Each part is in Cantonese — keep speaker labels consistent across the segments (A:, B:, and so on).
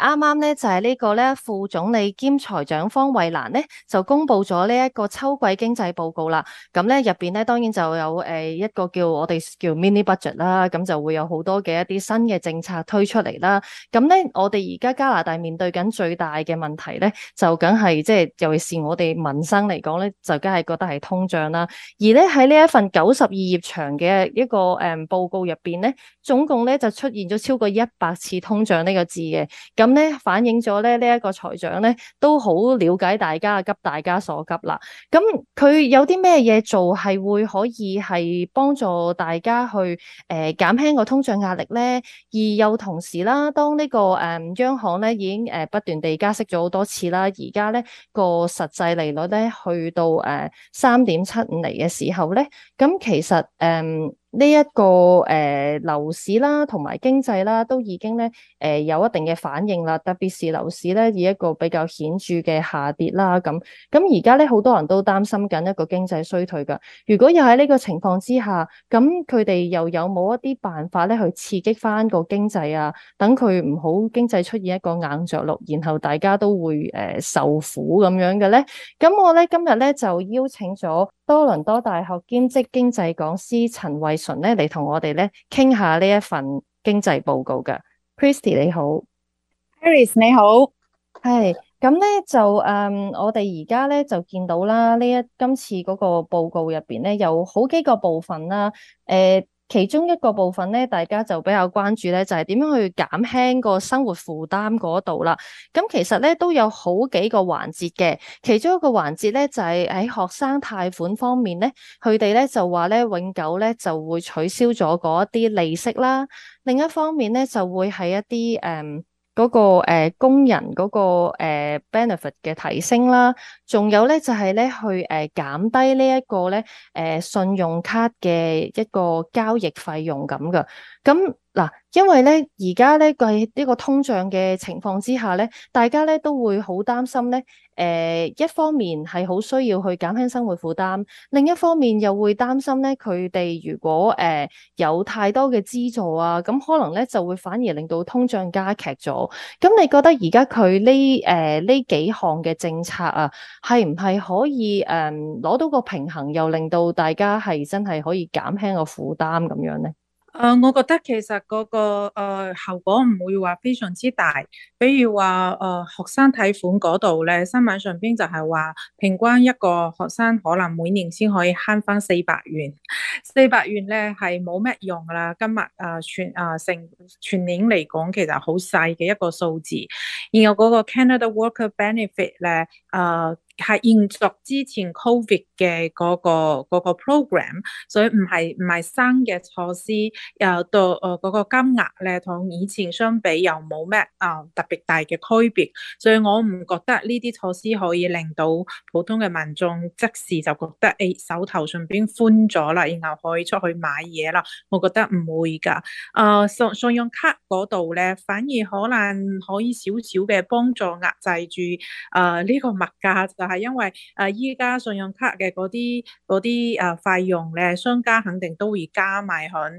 A: 啱啱呢就係呢個呢，副總理兼財長方慧蘭呢，就公布咗呢一個秋季經濟報告啦。咁呢入面呢，當然就有一個叫我哋叫 mini budget 啦。咁就會有好多嘅一啲新嘅政策推出嚟啦。咁呢，我哋而家加拿大面對緊最大嘅問題呢，就梗係即係尤其是我哋民生嚟講呢，就梗係覺得係通脹啦。而呢，喺呢一份九十二頁長嘅一個誒報告入面呢，總共咧就出現咗超過一百次通脹呢個字嘅。咧反映咗咧呢一個財長咧都好了解大家急大家所急啦。咁佢有啲咩嘢做係會可以係幫助大家去誒減輕個通脹壓力咧？而又同時啦，當呢個誒、呃、央行咧已經誒不斷地加息咗好多次啦，而家咧個實際利率咧去到誒三點七五厘嘅時候咧，咁其實誒。呃呢一個誒樓市啦，同埋經濟啦，都已經咧誒有一定嘅反應啦。特別是樓市咧，以一個比較顯著嘅下跌啦。咁咁而家咧，好多人都擔心緊一個經濟衰退噶。如果又喺呢個情況之下，咁佢哋又有冇一啲辦法咧去刺激翻個經濟啊？等佢唔好經濟出現一個硬着陸，然後大家都會誒受苦咁樣嘅咧。咁我咧今日咧就邀請咗。多倫多大學兼職經濟講師陳慧純咧嚟同我哋咧傾下呢談談一份經濟報告噶，Christy 你好，Harris 你好，係咁咧就誒、嗯，我哋而家咧就見到啦，呢一今次嗰個報告入邊咧有好幾個部分啦，誒、呃。其中一個部分呢，大家就比較關注呢，就係點樣去減輕個生活負擔嗰度啦。咁其實呢，都有好幾個環節嘅，其中一個環節呢，就係喺學生貸款方面呢，佢哋呢就話呢永久呢就會取消咗嗰一啲利息啦。另一方面呢，就會喺一啲嗯嗰、那個誒、呃、工人嗰、那個誒、呃、benefit 嘅提升啦，仲有咧就係、是、咧去誒、呃、減低呢、這、一個咧誒、呃、信用卡嘅一個交易費用咁㗎。咁。嗱，因為咧而家咧佢呢個通脹嘅情況之下咧，大家咧都會好擔心咧。誒，一方面係好需要去減輕生活負擔，另一方面又會擔心咧佢哋如果誒有太多嘅資助啊，咁可能咧就會反而令到通脹加劇咗。咁你覺得而家佢呢誒呢幾項嘅政策啊，係唔係可以誒攞到個平衡，又令到大家係真係可以減輕個負擔咁樣咧？
B: 誒，我覺得其實嗰個誒、呃、效果唔會話非常之大，比如話誒、呃、學生貸款嗰度咧，新聞上邊就係話平均一個學生可能每年先可以慳翻四百元，四百元咧係冇咩用噶啦，今日、呃、全成、呃、全、全年嚟講，其實好細嘅一個數字，然後嗰個 Canada Worker Benefit 咧係延續之前 COVID 嘅嗰個嗰個 program，所以唔係唔係新嘅措施，又到誒嗰個金額咧，同以前相比又冇咩啊特別大嘅區別，所以我唔覺得呢啲措施可以令到普通嘅民眾即時就覺得誒手頭順便寬咗啦，然後可以出去買嘢啦。我覺得唔會噶，誒信信用卡嗰度咧，反而可能可以少少嘅幫助壓制住誒呢個物價啊。係因為誒依家信用卡嘅嗰啲嗰啲誒費用咧，商家肯定都會加埋響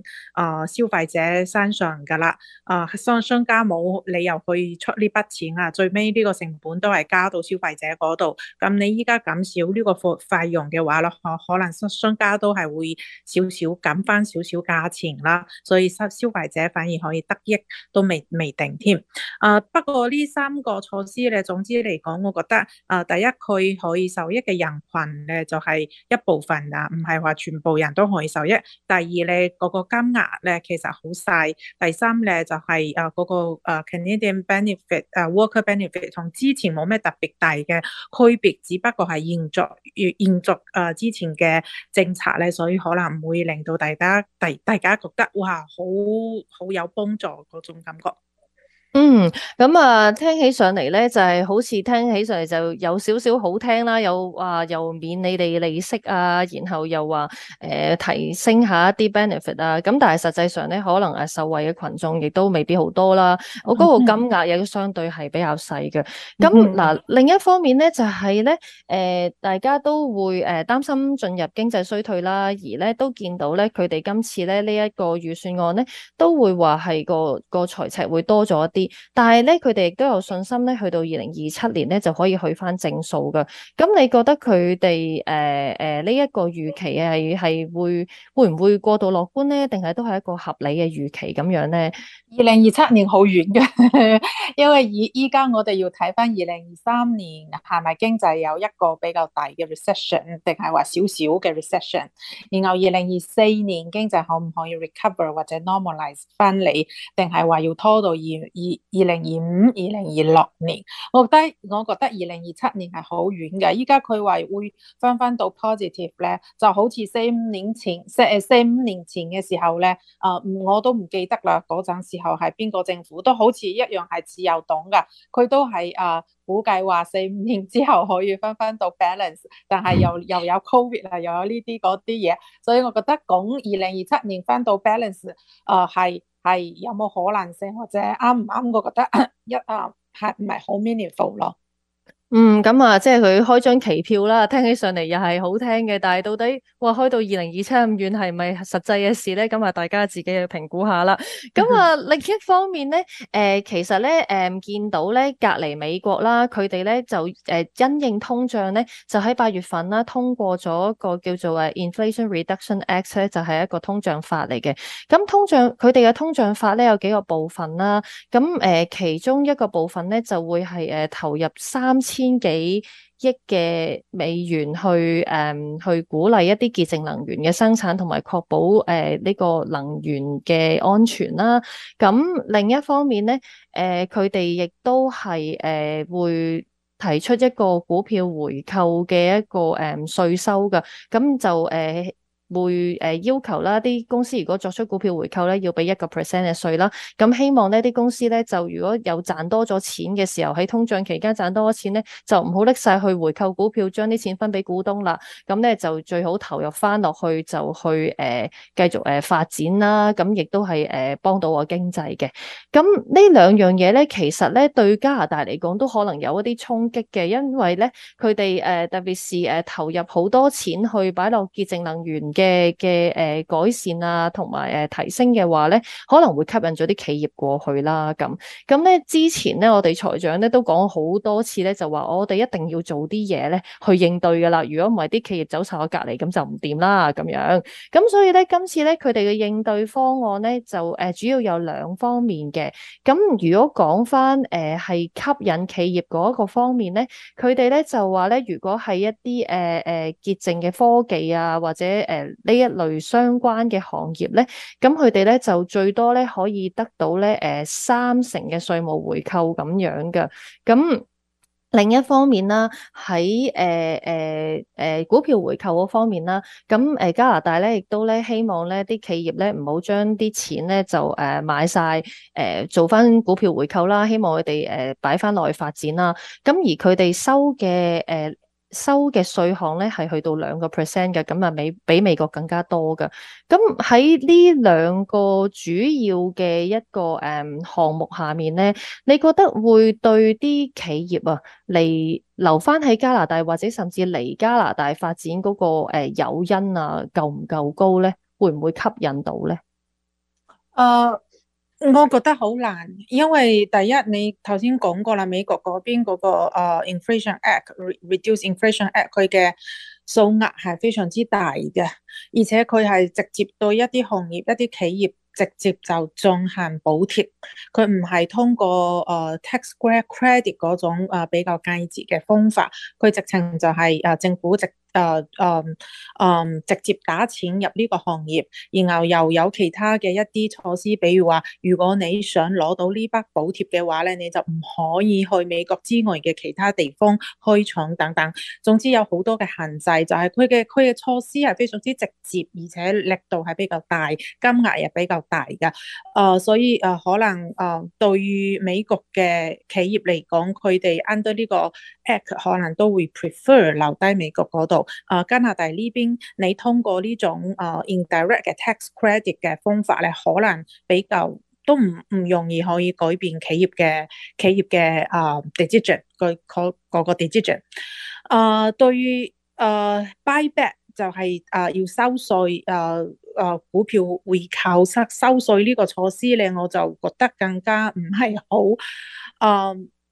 B: 誒消費者身上㗎啦。誒、啊、商商家冇理由去出呢筆錢啊，最尾呢個成本都係加到消費者嗰度。咁你依家減少呢個費費用嘅話咧，可、啊、可能商商家都係會少少減翻少、少少價錢啦。所以消消費者反而可以得益都未未定添。誒、啊、不過呢三個措施咧，總之嚟講，我覺得誒、啊、第一，佢。佢可以受益嘅人群咧，就係一部分啊，唔係話全部人都可以受益。第二咧，嗰個金額咧，其實好細。第三咧就係誒嗰個 Canadian benefit 誒 Worker benefit 同之前冇咩特別大嘅區別，只不過係延續延續誒之前嘅政策咧，所以可能唔會令到大家第大家覺得哇好好有幫助嗰種感覺。
A: 嗯，咁啊，聽起上嚟咧，就係、是、好似聽起上嚟就有少少好聽啦，啊、又話又免你哋利息啊，然後又話誒、呃、提升一下一啲 benefit 啊，咁但係實際上咧，可能誒、啊、受惠嘅群眾亦都未必好多啦，我個金額亦都相對係比較細嘅。咁嗱、啊，另一方面咧就係、是、咧，誒、呃，大家都會誒擔、呃、心進入經濟衰退啦，而咧都見到咧佢哋今次咧呢一、這個預算案咧，都會話係個個財赤會多咗一啲。但係咧，佢哋亦都有信心咧，去到二零二七年咧就可以去翻正數噶。咁你覺得佢哋誒誒呢一個預期係係會會唔會過度樂觀咧？定係都係一個合理嘅預期咁
B: 樣咧？二零二七年好遠嘅，因為而依家我哋要睇翻二零二三年係咪經濟有一個比較大嘅 recession，定係話少少嘅 recession？然後二零二四年經濟可唔可以 recover 或者 normalize 翻嚟？定係話要拖到二二？二零二五、二零二六年，我覺得我覺得二零二七年係好遠嘅。依家佢話會翻翻到 positive 咧，就好似四五年前，四誒四五年前嘅時候咧，啊、呃，我都唔記得啦。嗰陣時候係邊個政府都好似一樣係自由黨噶，佢都係啊、呃，估計話四五年之後可以翻翻到 balance，但係又又有 COVID 啊，又有呢啲嗰啲嘢，所以我覺得講二零二七年翻到 balance，啊、呃、係。係有冇可能性或者啱唔啱？我覺得 一啊係唔係好 meaningful 咯？
A: 嗯，咁啊，即係佢開張期票啦，聽起上嚟又係好聽嘅，但係到底哇開到二零二七咁遠係咪實際嘅事咧？咁啊，大家自己去評估下啦。咁啊， 另一方面咧，誒、呃，其實咧，誒、呃，見到咧隔籬美國啦，佢哋咧就誒、呃、因應通脹咧，就喺八月份啦通過咗個叫做誒 Inflation Reduction Act 咧，就係、是、一個通脹法嚟嘅。咁通脹佢哋嘅通脹法咧有幾個部分啦，咁誒、呃、其中一個部分咧就會係誒、呃、投入三千，千幾億嘅美元去誒、嗯、去鼓勵一啲潔淨能源嘅生產，同埋確保誒呢、呃這個能源嘅安全啦。咁另一方面咧，誒佢哋亦都係誒會提出一個股票回購嘅一個誒稅、呃、收噶。咁就誒。呃會、呃、要求啦，啲公司如果作出股票回購咧，要俾一個 percent 嘅稅啦。咁希望呢啲公司咧就如果有賺多咗錢嘅時候，喺通脹期間賺多咗錢咧，就唔好拎晒去回購股票，將啲錢分俾股東啦。咁咧就最好投入翻落去，去，就去誒繼續、呃、發展啦。咁亦都係誒幫到我經濟嘅。咁呢兩樣嘢咧，其實咧對加拿大嚟講都可能有一啲衝擊嘅，因為咧佢哋誒特別是、呃、投入好多錢去擺落潔淨能源嘅。嘅嘅誒改善啊，同埋誒提升嘅話咧，可能會吸引咗啲企業過去啦。咁咁咧，之前咧，我哋財長咧都講好多次咧，就話我哋一定要做啲嘢咧去應對噶啦。如果唔係啲企業走晒去隔離，咁就唔掂啦。咁樣咁所以咧，今次咧，佢哋嘅應對方案咧，就誒、呃、主要有兩方面嘅。咁如果講翻誒，係、呃、吸引企業嗰一個方面咧，佢哋咧就話咧，如果係一啲誒誒潔淨嘅科技啊，或者誒。呃呢一類相關嘅行業咧，咁佢哋咧就最多咧可以得到咧誒三成嘅稅務回扣咁樣嘅。咁另一方面啦，喺誒誒誒股票回購嗰方面啦，咁誒加拿大咧亦都咧希望咧啲企業咧唔好將啲錢咧就誒買晒，誒、呃、做翻股票回購啦，希望佢哋誒擺翻落去發展啦。咁而佢哋收嘅誒。呃收嘅稅項咧，係去到兩個 percent 嘅，咁啊美比美國更加多嘅。咁喺呢兩個主要嘅一個誒項目下面咧，你覺得會對啲企業啊嚟留翻喺加拿大或者甚至嚟加拿大發展嗰個誒誘因啊，夠唔夠高咧？會唔會吸引到咧
B: ？Uh 我覺得好難，因為第一你頭先講過啦，美國嗰邊嗰個誒 Inflation Act Reduce Inflation Act 佢嘅數額係非常之大嘅，而且佢係直接對一啲行業、一啲企業直接就進行補貼，佢唔係通過誒 Tax Credit 嗰種誒比較間接嘅方法，佢直情就係誒政府直。誒誒誒，uh, um, um, 直接打錢入呢個行業，然後又有其他嘅一啲措施，比如話，如果你想攞到呢筆補貼嘅話咧，你就唔可以去美國之外嘅其他地方開廠等等。總之有好多嘅限制，就係佢嘅佢嘅措施係非常之直接，而且力度係比較大，金額又比較大嘅。誒、uh,，所以誒、uh, 可能、uh, 對於美國嘅企業嚟講，佢哋 under 呢個 act 可能都會 prefer 留低美國度。誒，加拿大呢邊，你通過呢種誒 indirect 嘅 tax credit 嘅方法咧，可能比較都唔唔容易可以改變企業嘅企業嘅誒 decision 嗰個嗰個 decision。誒對於誒 buyback 就係誒要收稅誒誒股票回購收稅呢個措施咧，我就覺得更加唔係好誒。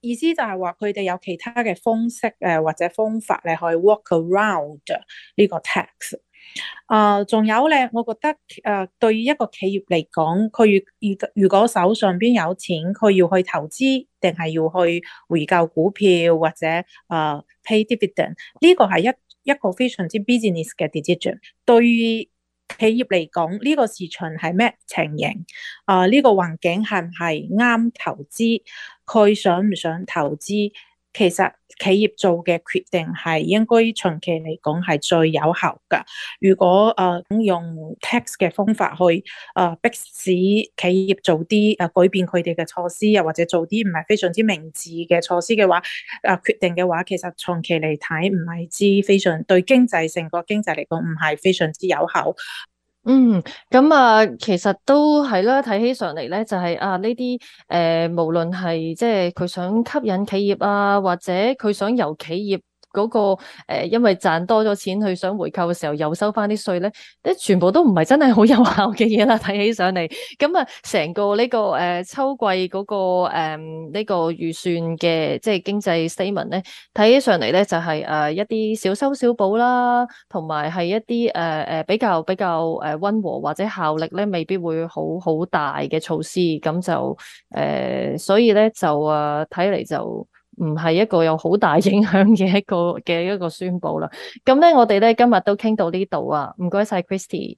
B: 意思就係話佢哋有其他嘅方式，誒，或者方法咧，可以 walk around 這個，呃、還呢個 tax。啊，仲有咧，我覺得誒、呃，對於一個企業嚟講，佢如果手上邊有錢，佢要去投資，定係要去回購股票或者誒、呃、pay dividend，呢個係一一個非常之 business 嘅 decision。對。企業嚟講，呢個市場係咩情形？啊、呃，呢個環境係唔係啱投資？佢想唔想投資？其實企業做嘅決定係應該長期嚟講係最有效噶。如果誒用 tax 嘅方法去誒迫使企業做啲誒改變佢哋嘅措施，又或者做啲唔係非常之明智嘅措施嘅話，誒決定嘅話，其實長期嚟睇唔係之非常對經濟成個經濟嚟講唔係非常之有效。
A: 嗯，咁啊，其實都係啦，睇起上嚟呢，就係啊呢啲誒，無論係即係佢想吸引企業啊，或者佢想由企業。嗰、那個、呃、因為賺多咗錢去想回購嘅時候，又收翻啲稅咧，全部都唔係真係好有效嘅嘢啦。睇起上嚟，咁啊，成個呢、這個誒、呃、秋季嗰、那個呢、呃這個預算嘅即係經濟 statement 咧，睇起上嚟咧就係、是、誒、呃、一啲小修小補啦，同埋係一啲誒、呃、比較比較誒溫和或者效力咧未必會好好大嘅措施，咁就誒、呃、所以咧就睇嚟就。呃唔係一個有好大影響嘅一個嘅一個宣佈啦。咁呢，我哋呢今日都傾到呢度啊。唔該晒 Christy。